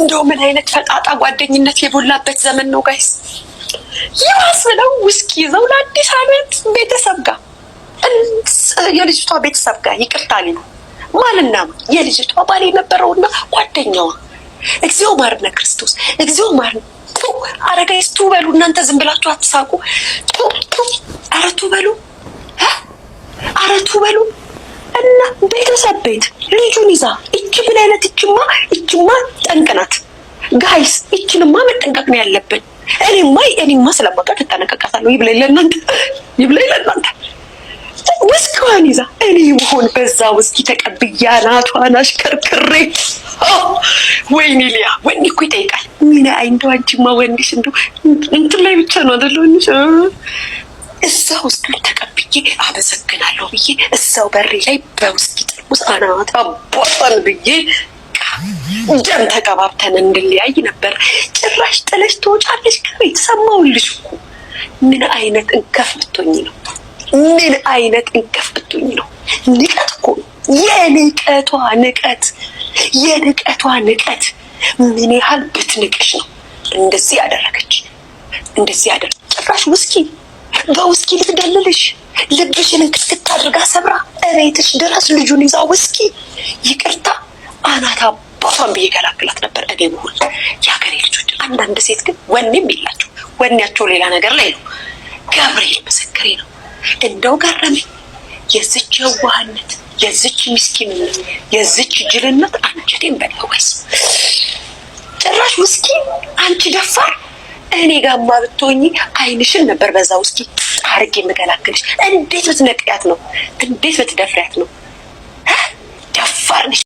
እንደው ምን አይነት ፈጣጣ ጓደኝነት የሞላበት ዘመን ነው ጋይስ። ይባስ ብለው ውስኪ ይዘው ለአዲስ ዓመት ቤተሰብ ጋር የልጅቷ ቤተሰብ ጋር ይቅርታ ሊ ነው ማንና የልጅቷ ባል የነበረውና ጓደኛዋ። እግዚኦ ማርነ ክርስቶስ፣ እግዚኦ ማርነ። አረጋይስ ቱ በሉ እናንተ ዝም ብላችሁ አትሳቁ። ኧረ ቱ በሉ፣ አረቱ በሉ። እና ቤተሰብ ቤት ልጁን ይዛ እች ምን አይነት እችማ እችማ ጠንቅ ናት ጋይስ። ይችንማ መጠንቀቅ ነው ያለብን። እኔማ እኔማ ስለማውቃት እጠነቀቃታለሁ። ይብላኝ ለእናንተ ይብላኝ ለእናንተ ውስኪዋን ይዛ እኔ ብሆን በዛ ውስኪ ተቀብያ ናቷን አሽከርክሬ ወይኔ ሊያ ወንድ እኮ ይጠይቃል። ሚና አይ እንደው አንቺማ ወንድሽ እንደው እንትን ላይ ብቻ ነው አደለ ወንድሽ እዛ ውስኪ ተቀብዬ አመሰግናለሁ ብዬ እዛው በሬ ላይ በውስኪ ጠርሙስ አናት አቧጣን ብዬ ጀም ተቀባብተን እንድለያይ ነበር። ጭራሽ ጥለሽ ትወጫለሽ ከቤት ሰማሁልሽ እኮ። ምን አይነት እንከፍ ብትሆኝ ነው? ምን አይነት እንከፍ ብትሆኝ ነው? ንቀት እኮ የንቀቷ ንቀት፣ የንቀቷ ንቀት። ምን ያህል ብትንቅሽ ነው እንደዚህ ያደረገች? እንደዚህ ያደረ ጭራሽ ውስኪ በውስኪ ልትደልልሽ ልብሽን ክትክት አድርጋ ሰብራ እቤትሽ ድረስ ልጁን ይዛ ውስኪ ይቅርታ አናታ እሷን ብዬ ገላግላት ነበር እኔ ብሆን የሀገሬ ልጆች። አንዳንድ ሴት ግን ወኔም የላቸው፣ ወኔያቸው ሌላ ነገር ላይ ነው። ገብርኤል ምስክሬ ነው። እንደው ገረመኝ የዝች የዋህነት፣ የዝች ምስኪንነት፣ የዝች ጅልነት አንጀቴን በላው። ጭራሽ ውስኪ አንቺ ደፋር እኔ ጋማ ብትሆኚ አይንሽን ነበር በዛ ውስኪ አርግ የምገላግልሽ። እንዴት ብትነቅያት ነው? እንዴት ብትደፍሪያት ነው? ደፋር ነሽ።